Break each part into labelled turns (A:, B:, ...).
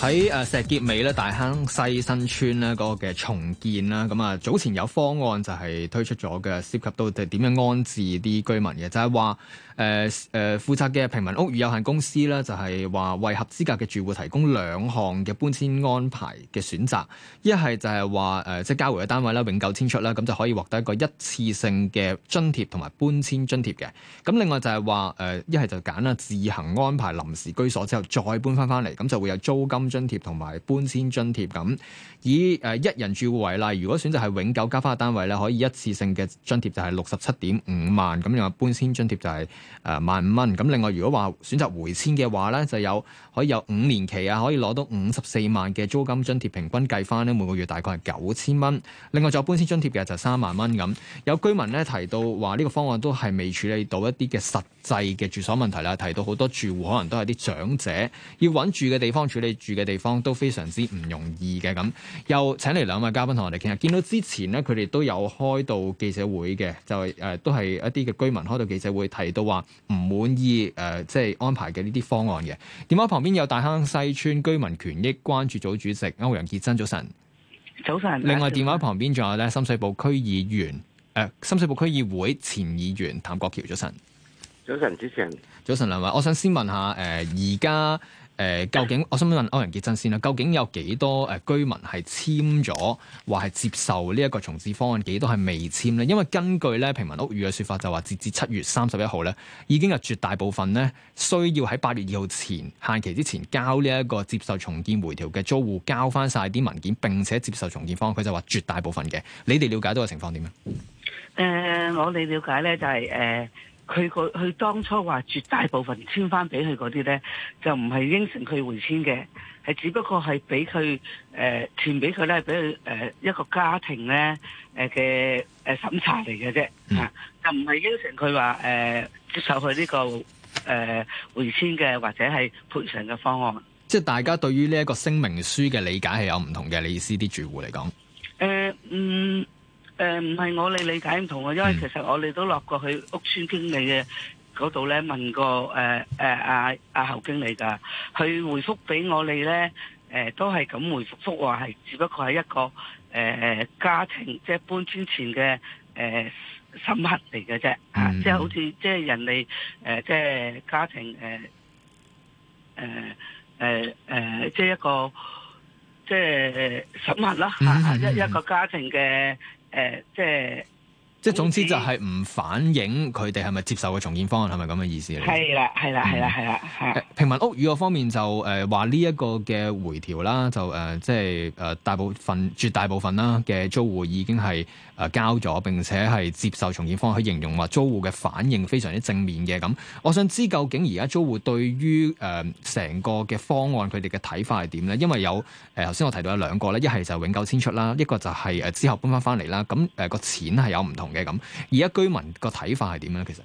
A: 喺誒石硤尾咧大坑西新村咧個嘅重建啦，咁啊早前有方案就係推出咗嘅，涉及到點樣安置啲居民嘅，就係話誒誒負責嘅平民屋宇有限公司咧，就係話為合資格嘅住戶提供兩項嘅搬遷安排嘅選擇，一係就係話誒即係交回嘅單位咧永久遷出啦，咁就可以獲得一個一次性嘅津貼同埋搬遷津貼嘅，咁另外就係話誒一係就揀啦自行安排臨時居所之後再搬翻翻嚟，咁就會有租金。和津貼同埋搬遷津貼咁，以誒一人住戶為例，如果選擇係永久加翻嘅單位咧，可以一次性嘅津貼就係六十七點五萬咁，另外，搬遷津貼就係誒萬五蚊。咁另外如果話選擇回遷嘅話咧，就有可以有五年期啊，可以攞到五十四萬嘅租金津貼，平均計翻咧，每個月大概係九千蚊。另外再搬遷津貼嘅就係三萬蚊咁。有居民咧，提到話呢個方案都係未處理到一啲嘅實際嘅住所問題啦，提到好多住戶可能都係啲長者，要揾住嘅地方處理住，嘅地方都非常之唔容易嘅，咁又請嚟兩位嘉賓同我哋傾下。見到之前呢，佢哋都有開到記者會嘅，就誒、呃、都係一啲嘅居民開到記者會，提到話唔滿意誒，即、呃、係、就是、安排嘅呢啲方案嘅。電話旁邊有大坑西邨居民權益關注組主席歐陽潔珍，早晨。早晨。
B: 早晨。另外電話
A: 旁邊仲有咧深水埗區議員，誒、呃、深水埗區議會前議員譚國僑，早晨。
C: 早晨，主持
A: 人。早晨，兩位，我想先問下誒，而、呃、家。誒、呃，究竟我想問歐陽潔珍先啦，究竟有幾多誒居民係簽咗，話係接受呢一個重建方案？幾多係未簽咧？因為根據咧平民屋宇嘅説法就說，就話截至七月三十一號咧，已經係絕大部分咧需要喺八月二號前限期之前交呢一個接受重建回條嘅租戶交翻晒啲文件，並且接受重建方案。佢就話絕大部分嘅，你哋瞭解到嘅情況點樣？
B: 誒、呃，我哋瞭解咧就係、是、誒。呃佢個佢當初話絕大部分簽返俾佢嗰啲咧，就唔係應承佢回遷嘅，係只不過係俾佢誒，填俾佢咧，俾佢誒一個家庭咧誒嘅誒審查嚟嘅啫，啊、嗯，就唔係應承佢話誒接受佢呢、這個誒、呃、回遷嘅或者係賠償嘅方案。
A: 即係大家對於呢一個聲明書嘅理解係有唔同嘅，你意思啲住戶嚟講。
B: 誒、呃、嗯。誒，唔係、呃、我哋理解唔同啊，因為其實我哋都落過去屋村經理嘅嗰度咧，問過誒誒阿阿侯經理噶，佢回覆俾我哋咧，誒、呃、都係咁回覆覆話係只不過係一個誒誒、呃、家庭即係搬遷前嘅誒審核嚟嘅啫，即係好似即係人哋誒、呃、即係家庭誒誒誒誒，即係一個即係誒審核啦吓，一、啊嗯嗯嗯、一個家庭嘅。誒，即係、uh。
A: 即總之就係唔反映佢哋係咪接受嘅重建方案係咪咁嘅意思？係啦，係啦，係啦、嗯，係啦。平民屋宇方面就誒話呢一個嘅回調啦，就即係、呃就係呃、大部分絕大部分啦嘅租戶已經係、呃、交咗，並且係接受重建方案。去形容話租戶嘅反應非常之正面嘅咁。我想知究竟而家租戶對於成、呃、個嘅方案佢哋嘅睇法係點咧？因為有誒頭先我提到有兩個咧，一係就係永久遷出啦，一個就係之後搬翻翻嚟啦。咁誒個錢係有唔同。嘅咁，而家居民個睇法係點咧？其實，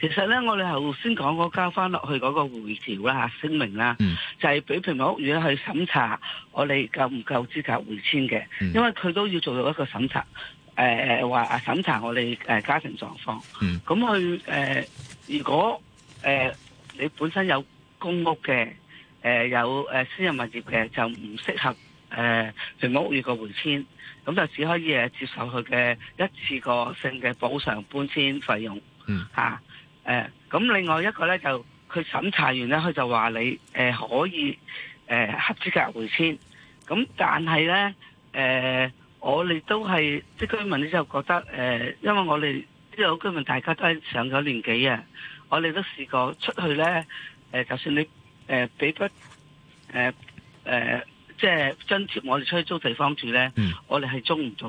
B: 其實咧，我哋頭先講嗰交翻落去嗰個回條啦吓，聲明啦，嗯、就係俾平民屋宇去審查，我哋夠唔夠資格回遷嘅？嗯、因為佢都要做到一個審查，誒、呃，話審查我哋誒家庭狀況。咁佢誒，如果誒、呃、你本身有公屋嘅，誒、呃、有誒私人物業嘅，就唔適合。誒，成屋業嘅回遷，咁就只可以接受佢嘅一次過性嘅補償搬遷費用，吓咁、嗯啊呃、另外一個咧就佢審查完咧，佢就話你、呃、可以誒、呃、合資格回遷，咁但係咧誒，我哋都係即居民咧就覺得誒、呃，因為我哋呢老居民大家都係上咗年紀啊，我哋都試過出去咧、呃，就算你誒俾、呃、不誒、呃呃即係津貼我哋出去租地方住呢，嗯、我哋係租唔到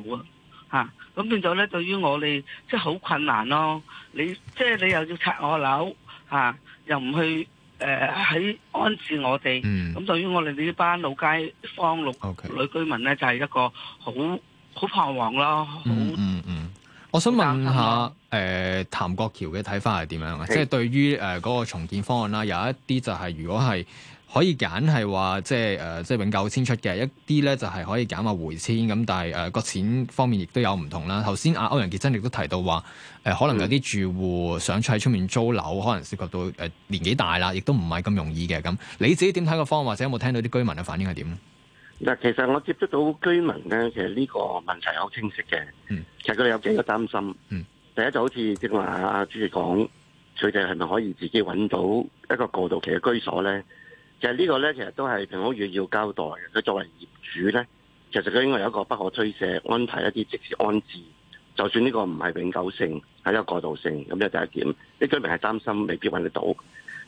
B: 啊！嚇咁變咗呢，對於我哋即係好困難咯。你即係你又要拆我樓、啊、又唔去喺、呃、安置我哋。咁、嗯、對於我哋呢班老街坊老、老女居民咧，Okay. 就係一個好好彷徨咯。嗯
A: 嗯,嗯我想問一下譚、嗯呃、國僑嘅睇法係點樣啊？是即係對於誒、呃嗰個、重建方案啦，有一啲就係如果係。可以揀係話即係誒，即係、呃、永久遷出嘅一啲咧，就係、是、可以揀下回遷咁。但係誒個錢方面亦都有唔同啦。頭先阿歐陽潔珍亦都提到話誒、呃，可能有啲住戶想出喺出面租樓，嗯、可能涉及到誒年紀大啦，亦都唔係咁容易嘅咁。噉你自己點睇個方案？或者有冇聽到啲居民嘅反應係點
C: 咧？嗱，其實我接觸到居民咧，其實呢個問題好清晰嘅。嗯，其實佢哋有幾個擔心。嗯，第一就好似即係話阿朱傑講，佢哋係咪可以自己揾到一個過渡期嘅居所咧？其實呢個咧，其實都係平民屋宇要交代嘅。佢作為業主咧，其實佢應該有一個不可推卸、安排一啲即時安置。就算呢個唔係永久性，係一個過渡性，咁呢就第一點。啲居民係擔心未必揾得到。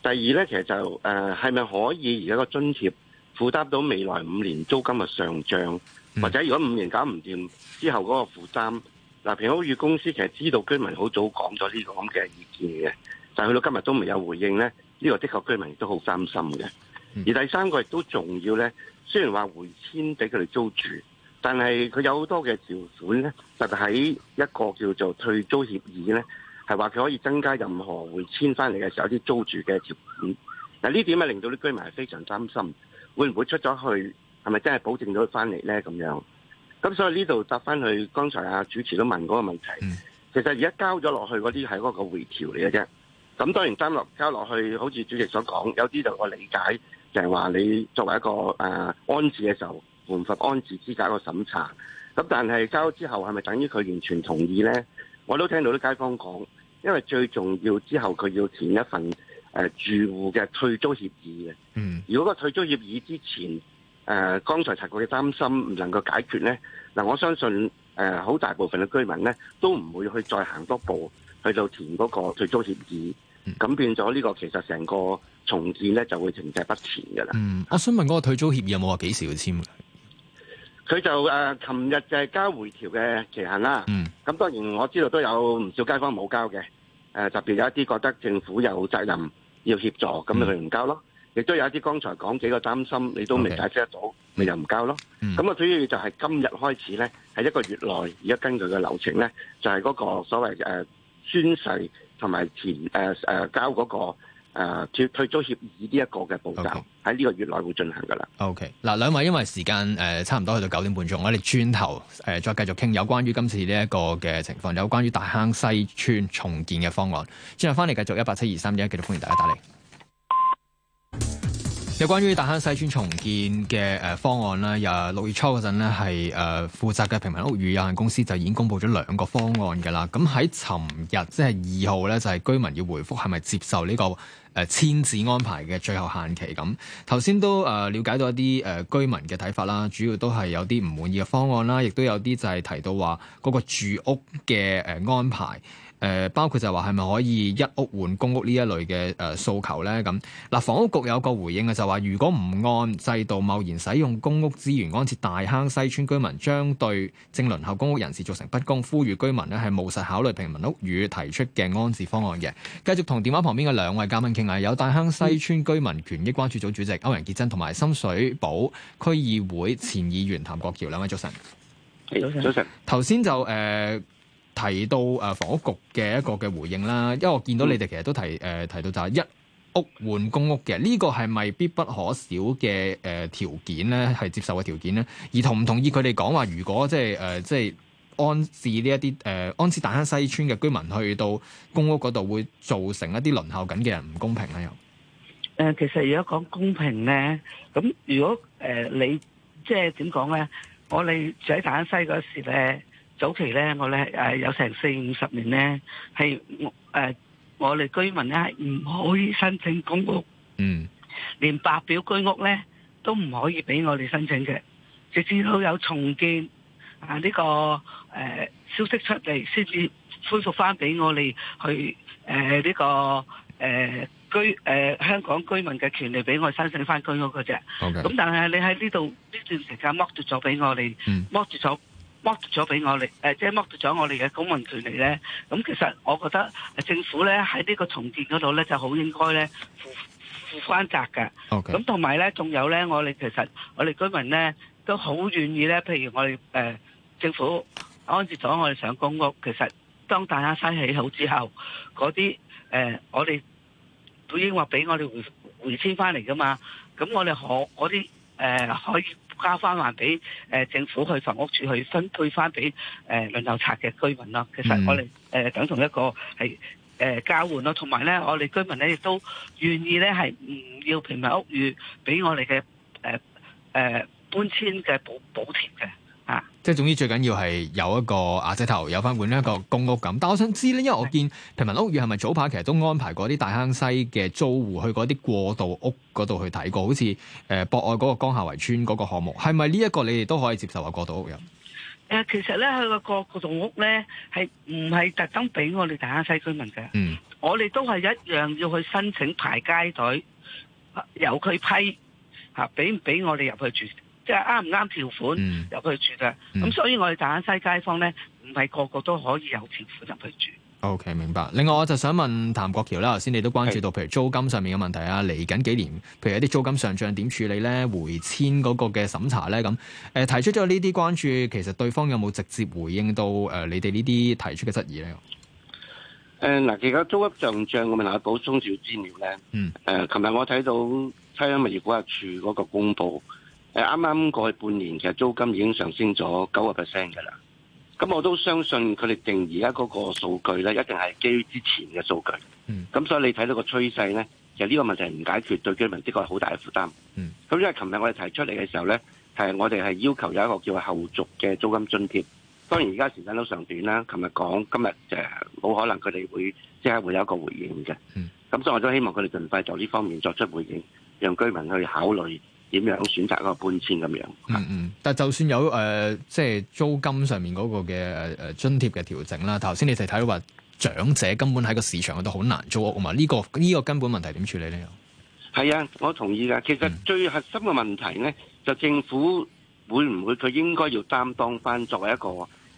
C: 第二咧，其實就誒係咪可以而家個津貼負擔到未來五年租金嘅上漲？嗯、或者如果五年搞唔掂之後嗰個負擔？嗱，平民屋宇公司其實知道居民好早講咗呢個咁嘅意見嘅，但去到今日都未有回應咧，呢、這個的確居民都好擔心嘅。而第三個亦都重要咧，雖然話回遷俾佢哋租住，但係佢有好多嘅條款咧，特別喺一個叫做退租協議咧，係話佢可以增加任何回遷翻嚟嘅時候一啲租住嘅條款。嗱，呢點啊令到啲居民係非常擔心，會唔會出咗去係咪真係保證咗翻嚟咧咁樣？咁所以呢度答翻去剛才阿、啊、主持都問過嗰個問題，其實而家交咗落去嗰啲係嗰個回條嚟嘅啫。咁當然交落交落去，好似主席所講，有啲就我理解。就係話你作為一個誒、呃、安置嘅時候，符合安置資格嘅審查。咁但係交咗之後，係咪等於佢完全同意呢？我都聽到啲街坊講，因為最重要之後佢要填一份誒、呃、住戶嘅退租協議嘅。嗯。如果個退租協議之前誒、呃、剛才陳局嘅擔心唔能夠解決呢，嗱我相信誒好、呃、大部分嘅居民呢，都唔會去再行多步去到填嗰個退租協議。咁變咗呢個其實成個。重建咧就會停滯不前噶啦。嗯，我、啊、想問嗰個
A: 退租協議有冇話幾時要簽嘅？
C: 佢就誒，琴、呃、日就係交回條嘅期限啦。嗯，咁當然我知道都有唔少街坊冇交嘅。誒、呃，特別有一啲覺得政府有責任要協助，咁咪佢唔交咯。亦都、嗯、有一啲剛才講幾個擔心，你都未解釋得到，咪 Okay. 就唔交咯。咁啊、嗯，主要就係今日開始咧，喺一個月內，而家根據嘅流程咧，就係、是、嗰個所謂誒、呃、宣誓同埋填誒誒交嗰、那個。誒，退租協議呢一個嘅步驟喺呢個月內會進行噶
A: 啦。OK，嗱兩位，因為時間誒差唔多去到九點半鐘，我哋轉頭誒再繼續傾有關於今次呢一個嘅情況，有關於大坑西村重建嘅方案。之後翻嚟繼續一八七二三一，繼續歡迎大家打嚟。有關於大坑西村重建嘅誒方案咧，由六月初嗰陣呢係誒負責嘅平民屋宇有限公司就已經公布咗兩個方案嘅啦。咁喺尋日即係二號呢，就係、是就是、居民要回覆係咪接受呢個誒簽字安排嘅最後限期。咁頭先都誒了解到一啲誒居民嘅睇法啦，主要都係有啲唔滿意嘅方案啦，亦都有啲就係提到話嗰個住屋嘅誒安排。誒包括就係話係咪可以一屋換公屋呢一類嘅誒訴求呢？咁嗱，房屋局有個回應嘅就話、是、如果唔按制度貿然使用公屋資源安置大坑西村居民，將對正輪候公屋人士造成不公，呼籲居民呢係務實考慮平民屋宇提出嘅安置方案嘅。繼續同電話旁邊嘅兩位嘉賓傾下，有大坑西村居民權益關注組，組主席歐陽潔珍同埋深水埗區議會前議員譚國僑，兩位早晨，早晨上，早晨頭先就誒。呃提到誒房屋局嘅一個嘅回應啦，因為我見到你哋其實都提誒、呃、提到就係一屋換公屋嘅，呢、這個係咪必不可少嘅誒條件咧？係、呃、接受嘅條件咧？而同唔同意佢哋講話，如果、呃、即係誒即係安置呢一啲誒安置大坑西邨嘅居民去到公屋嗰度，會造成一啲輪候緊嘅人唔公平咧？又
B: 誒、呃，其實如果講公平咧，咁如果誒、呃、你即係點講咧？我哋住喺大坑西嗰時咧。早期咧，我咧有成四五十年咧，係我、呃、我哋居民咧係唔可以申請公屋，嗯，連白表居屋咧都唔可以俾我哋申請嘅，直至到有重建啊呢、呢個誒、呃、消息出嚟，先至恢復翻俾我哋去誒呢、呃呢個誒、呃、居、呃、香港居民嘅權利俾我哋申請翻居屋嘅啫。咁 Okay. 但係你喺呢度呢段時間剝奪咗俾我哋，剝奪咗。剝奪咗俾我哋，誒，即係剝奪咗我哋嘅公民權利咧。咁其實我覺得，政府咧喺呢個重建嗰度咧就好應該咧負,負負翻責嘅。咁同埋咧，仲有咧，我哋其實我哋居民咧都好願意咧。譬如我哋誒、呃、政府安置咗我哋上公屋，其實當大家篩起好之後，嗰啲誒我哋都已經話俾我哋回回遷翻嚟噶嘛。咁我哋可嗰啲誒可以。交翻還俾誒政府去房屋署去分配翻俾誒輪候拆嘅居民咯。其實我哋誒等同一個係誒交換咯，同埋咧我哋居民咧亦都願意咧係唔要平民屋宇俾我哋嘅誒誒搬遷嘅補補貼嘅。
A: 啊！即係總之最緊要係有一個阿姐頭，有翻換一個公屋咁。的但我想知呢，因為我見平民屋苑係咪早排其實都安排過啲大坑西嘅租戶去嗰啲過渡屋嗰度去睇過？好似誒博愛嗰個江夏圍村嗰個項目，係咪呢一個你哋都可以接受啊？過渡屋又
B: 誒，其實咧佢，嗰個過過渡屋咧係唔係特登俾我哋大坑西居民嘅？嗯，我哋都係一樣要去申請排街隊，由佢批吓，俾唔俾我哋入去住？即係啱唔啱條款入去住啦，咁所以我哋大坑西街坊咧，唔係個個都可以有條款入去住。
A: O K. 明白。另外，我就想問譚國僑啦，頭先你都關注到，譬如租金上面嘅問題啊，嚟緊幾年，譬如一啲租金上漲點處理咧，回遷嗰個嘅審查咧，咁誒提出咗呢啲關注，其實對方有冇直接回應到誒你哋呢啲提出嘅質疑咧？
C: 誒嗱，而家租金上漲，我咪查到中小資料咧。誒，琴日我睇到差餉物業估價署嗰個公佈。誒啱啱過去半年，其實租金已經上升咗九個 percent 嘅啦。咁我都相信佢哋定而家嗰個數據咧，一定係基於之前嘅數據。咁、嗯、所以你睇到個趨勢咧，其實呢個問題唔解決，對居民的確係好大嘅負擔。咁、嗯、因為琴日我哋提出嚟嘅時候咧，係我哋係要求有一個叫後續嘅租金津貼。當然而家時間都尚短啦。琴日講，今日就冇可能佢哋會即係會有一個回應嘅。咁、嗯、所以我都希望佢哋盡快就呢方面作出回應，讓居民去考慮。點樣選擇嗰個搬遷咁樣？
A: 嗯嗯，但係就算有誒，即、呃、係、就是、租金上面嗰個嘅誒誒津貼嘅調整啦。頭先你哋睇到話，長者根本喺個市場度好難租屋啊嘛。呢、這個呢、這個根本問題點處理咧？
C: 係啊，我同意㗎。其實最核心嘅問題咧，嗯、就政府會唔會佢應該要擔當返作為一個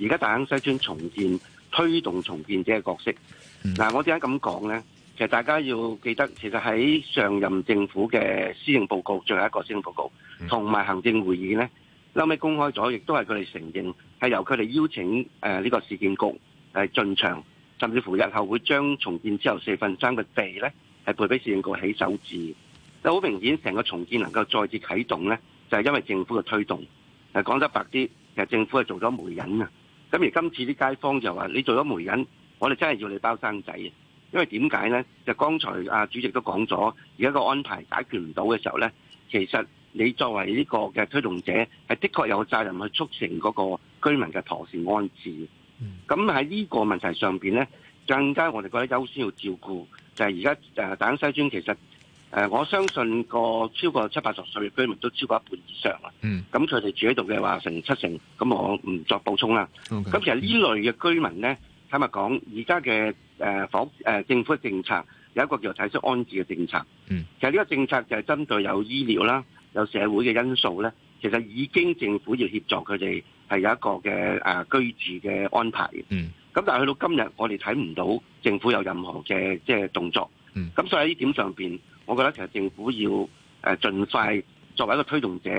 C: 而家大坑西邨重建推動重建者嘅角色？嗱、嗯啊，我點解咁講咧？其實大家要記得，其實喺上任政府嘅施政報告，最後一個施政報告，同埋行政會議呢，後尾公開咗，亦都係佢哋承認係由佢哋邀請誒呢、呃呢個市建局誒、啊、進場，甚至乎日後會將重建之後四分三嘅地呢，係配俾市建局起首置。但好明顯，成個重建能夠再次啟動呢，就係、是、因為政府嘅推動。誒、啊、講得白啲，其實政府係做咗媒人啊。咁而今次啲街坊就話：你做咗媒人，我哋真係要你包生仔。因為點解咧？就剛才阿主席都講咗，而家個安排解決唔到嘅時候咧，其實你作為呢個嘅推動者，係的確有責任去促成嗰個居民嘅妥善安置。咁喺呢個問題上邊咧，更加我哋覺得優先要照顧就係而家誒大坑西邨。其實誒、呃，我相信個超過七八十歲嘅居民都超過一半以上啦。咁佢哋住喺度嘅話，成七成。咁我唔作補充啦。咁 okay, 其實呢類嘅居民咧。今日講而家嘅誒房誒政府嘅政策有一個叫做體恤安置嘅政策，其實呢個政策就係針對有醫療啦、有社會嘅因素咧，其實已經政府要協助佢哋係有一個嘅誒居住嘅安排嘅。咁但係去到今日，我哋睇唔到政府有任何嘅即係動作。咁所以喺呢點上邊，我覺得其實政府要誒盡快作為一個推動者，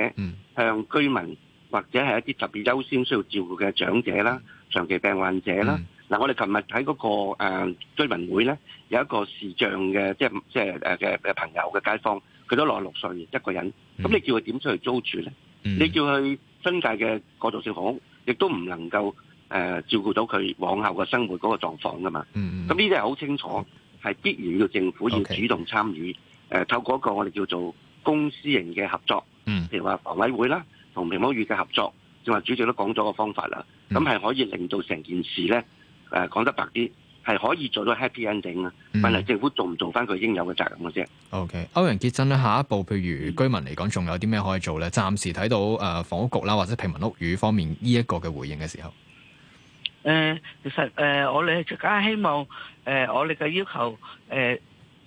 C: 向居民或者係一啲特別優先需要照顧嘅長者啦、長期病患者啦。嗱、啊，我哋琴日睇嗰個誒追問會咧，有一個視障嘅即係即係嘅朋友嘅街坊，佢都六十六歲，一個人，咁、mm hmm. 你叫佢點出去租住咧？Mm hmm. 你叫佢新界嘅過渡性房屋，亦都唔能夠誒、呃、照顧到佢往後嘅生活嗰個狀況噶嘛？咁呢啲係好清楚，係、mm hmm. 必然要政府要主動參與，Okay. 呃、透過一個我哋叫做公私營嘅合作，嗯、mm，hmm. 譬如話房委會啦，同平民屋宇嘅合作，正話主席都講咗個方法啦，咁係、mm hmm. 可以令到成件事咧。誒、呃、講得白啲，係可以做到 happy ending 啊！問題政府做唔做翻佢應有嘅責任嘅啫。嗯、
A: o、okay. K.，歐陽潔珍咧，下一步譬如居民嚟講，仲有啲咩可以做咧？暫時睇到誒、呃、房屋局啦，或者平民屋宇方面呢一、這個嘅回應嘅時候，
B: 誒、呃、其實誒、呃、我哋更加希望誒、呃、我哋嘅要求誒、呃、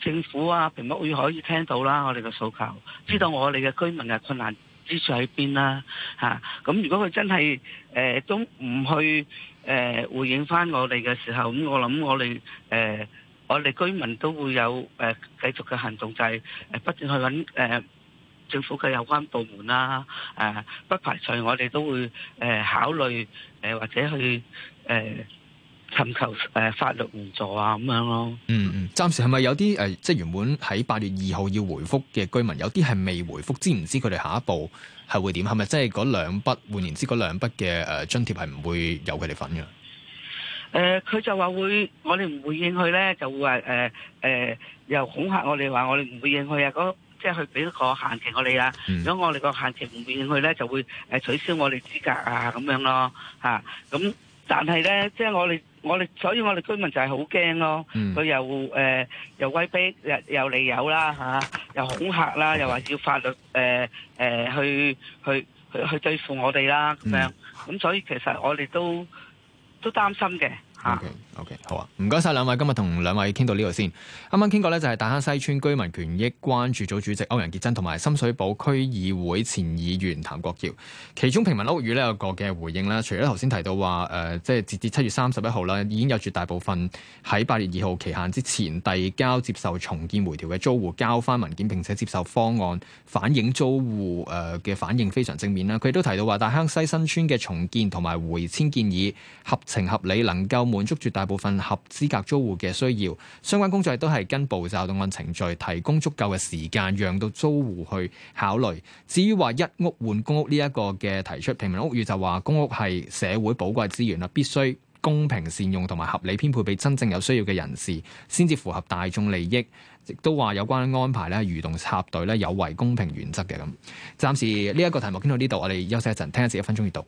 B: 政府啊，平民屋宇可以聽到啦，我哋嘅訴求，知道我哋嘅居民嘅困難。支持喺邊啦嚇！咁、 嗯嗯、如果佢真係誒、呃、都唔去誒、呃、回應返我哋嘅時候，咁我諗我哋誒、呃、我哋居民都會有誒繼、呃、續嘅行動，就係、是、誒不斷去揾、呃、政府嘅有關部門啦。誒、啊、不排除我哋都會誒、呃、考慮誒或者去誒。呃尋求誒、呃、法律援助啊咁樣咯。
A: 嗯嗯，暫時係咪有啲誒、呃，即係原本喺八月二號要回覆嘅居民，有啲係未回覆，知唔知佢哋下一步係會點？係咪即係嗰兩筆換言之那兩筆的，嗰兩筆嘅誒津貼係唔會有佢哋份嘅？
B: 誒、呃，佢就話會，我哋唔會回應佢咧，就會話誒誒，又恐嚇我哋話我哋唔會回應佢啊！嗰即係佢俾一個限期我哋啊。嗯、如果我哋個限期唔回應佢咧，就會誒、呃、取消我哋資格啊咁樣咯。吓、啊，咁但係咧，即係我哋。我哋，所以我哋居民就係好驚咯。佢、嗯、又誒、呃，又威逼，又又利誘啦吓，又恐嚇啦，又話要法律誒、呃呃、去去去對付我哋啦咁樣。咁、嗯、所以其實我哋都都擔心嘅。
A: O.K. O.K. 好啊，唔該晒兩位，今日同兩位傾到呢度先。啱啱傾過咧，就係大坑西邨居民權益關注組，組主席歐陽潔珍同埋深水埗區議會前議員譚國僑。其中平民屋宇呢，有個嘅回應啦，除咗頭先提到話，誒、呃，即係截至七月三十一號啦，已經有絕大部分喺八月二號期限之前遞交接受重建回調嘅租戶交翻文件，並且接受方案反映租戶誒嘅反應非常正面啦。佢哋都提到話，大坑西新邨嘅重建同埋回遷建議合情合理，能夠。滿足絕大部分合資格租戶嘅需要，相關工作亦都係跟步驟同按程序，提供足夠嘅時間，讓到租戶去考慮。至於話一屋換公屋呢一個嘅提出，平民屋宇就話公屋係社會寶貴資源啦，必須公平善用同埋合理編配俾真正有需要嘅人士，先至符合大眾利益。亦都話有關安排咧，如動插隊咧，有違公平原則嘅咁。暫時呢一個題目傾到呢度，我哋休息一陣，聽一節一分鐘閱讀。